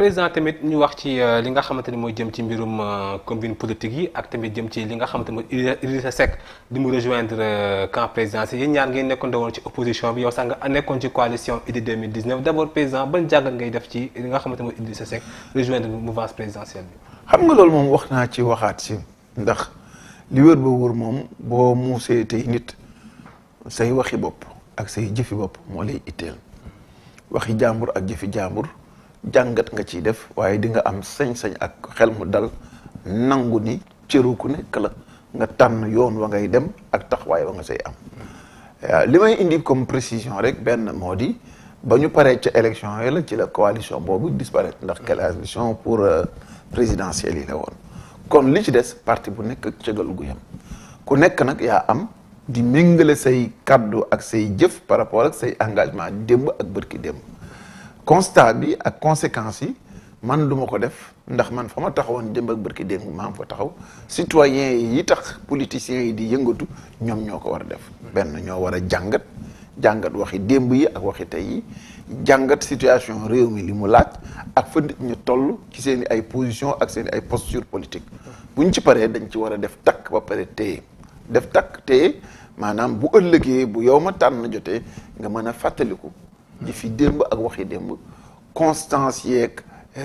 président tamit ñu wax ci euh, li nga xamante ni mooy jëm ci mbirum euh, combine politique yi ak tamit jëm ci li nga xamante ni mooy Idrissa Seck di mu rejoindre euh, camp présidentiel yéen ñaar ngeen nekkoon woon ci opposition bi yow sax nga nekkoon ci coalition Idy 2019 d' abord président ban jàngat ngay def ci li nga xamante ni mooy Idrissa Seck rejoindre mouvance présidentielle xam nga loolu moom wax naa ci waxaat si ndax li wër ba moom boo muusee tey nit say waxi bopp ak say jëfi bopp moo lay itteel waxi jàmbur ak jëfi jàmbur. jàngat nga ciy def waaye di nga am sañ-sañ ak xel mu dal nangu ni cëru ku nekk la nga tànn yoon wa ngay dem ak taxawaay wa nga say am euh, li may indi comme précision rek benn moo di ba ñu paree ca élection yi la ci la coalition boobu disparaître ndax coalition pour euh, présidentielle yi la woon kon li ci des parti bu nekk cëgal gu ku nekk nag yaa am di méngale say kaddu ak say jëf par rapport ak say engagement démb ak bërki démb constat bi ak conséquences yi man du ma ko def ndax man fa ma taxawoon démb ak barki démb maa ngi fa taxaw citoyens yi tax politiciens yi di yëngatu ñoom ñoo ko war a def. benn ñoo war a jàngat jàngat waxi démb yi ak waxi tey yi jàngat situation réew mi li mu laaj ak fa nit ñu toll ci seen i ay position ak seen ay posture politique bu ñu ci paree dañ ci war a def takk ba pare téye def takk téye maanaam bu ëllëgee bu yow ma tànn na jotee nga mën a fàttaliku. jëfi démb ak waxi démb constance yeeg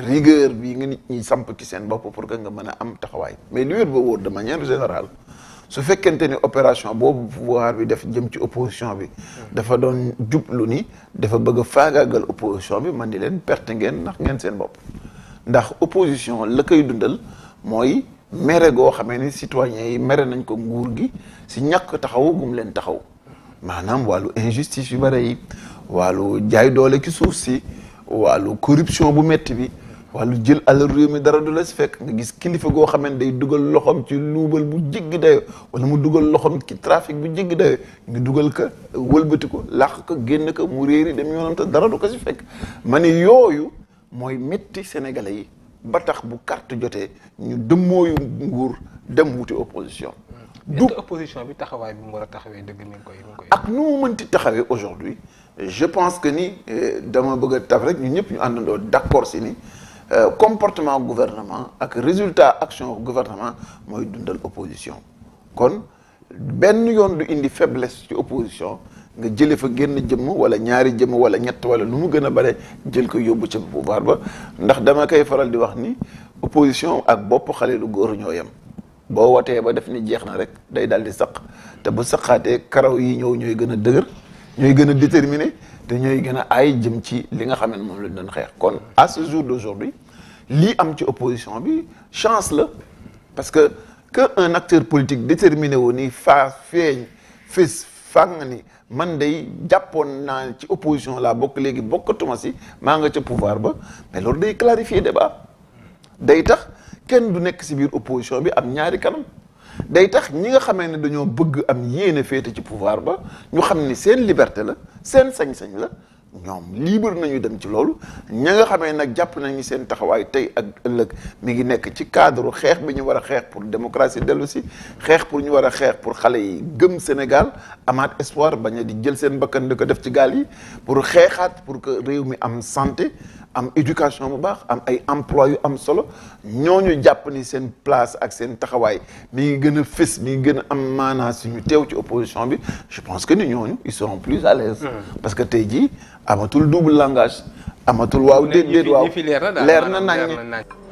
rigueur bi nga nit ñi samp ci seen bopp pour que nga mën a am taxawaay mais li wér boo wóor de manière général su fekkente ni opération boobu pouvoir bi dafa jëm ci opposition bi dafa doon jublu ni dafa bëgg a faagaagal opposition bi man di leen perte ngeen ndax ngeen seen bopp ndax opposition la koy dundal mooy mere goo xamee ni citoyens yi mere nañ ko nguur gi si ñàkk taxaw gum leen taxaw maanaam wàllu injustice yu bare yi wàllu jaay doole ci suuf si wàllu corruption bu metti bi lu jël alal réew mi dara du la si fekk nga gis kilifa goo xam ne day dugal loxoom ci luubal bu jéggi dayo wala mu dugal loxoom ki trafic bu jéggi dayo ñu dugal ko wëlbati ko làq ko génn ko mu réeri dem yoonam dara du ko si fekk ma ne yooyu mooy métti sénégalais yi ba tax bu kart jotee ñu dëmmooyu nguur dem wuti opposition du opposition bi taxawaay bi mu war a taxawee dëgg mi ngi koy mi koy. ak nu mu mënti taxawee aujourd'hui je pense que ni eh, dama bëgg a taf rek ñu ñëpp ñu àndandoo d'accord si ni euh, comportement gouvernement ak résultat action gouvernement mooy dundal opposition kon benn yoon du indi faiblesse ci opposition nga jëlee fa génn jëmm wala ñaari jëmm wala ñett wala nu mu gën a bare jël ko yóbbu ci pouvoir ba ndax dama koy faral di wax ni opposition ak bopp xale góor ñoo yem. boo watee ba def ni jeex na rek day daal di saq te bu saqaatee karaw yi ñëw ñooy gën a dëgër ñooy gën a déterminé te ñooy gën a aay jëm ci li nga xam ne moom lañ doon xeex kon à ce jour d'aujourd'hui lii am ci opposition bi chance la parce que que un acteur politique déterminé wu ni faa feeñ fis fàng ni man day jàppoon naa ci opposition la bokk léegi bokkatuma si maa nga ca pouvoir ba mais loolu day clarifier débat day tax kenn du nekk si biir opposition bi am ñaari kanam day tax ñi nga xamee ne dañoo bëgg am yéene féete ci pouvoir ba ñu xam ni seen liberté la seen sañ-sañ la ñoom libre nañu dem ci loolu ña nga xamee nag jàpp nañu seen taxawaay tey ak ëllëg mi ngi nekk ci cadre xeex bi ñu war a xeex pour démocratie dellu si xeex pour ñu war a xeex pour xale yi gëm Sénégal amaat espoir bañ di jël seen bakkan di ko def ci gaal yi pour xeexaat pour que réew mi am santé am éducation bu baax am ay emploi yu am solo ñoo ñu jàpp ni seen place ak seen taxawaay mi ngi gën a fës mi ngi gën a am maanaa ñu teew ci opposition bi je pense que ni ñooñu ils seront plus mmh. que tey jii amatul double langage amatul waaw déet déet waaw leer na nañ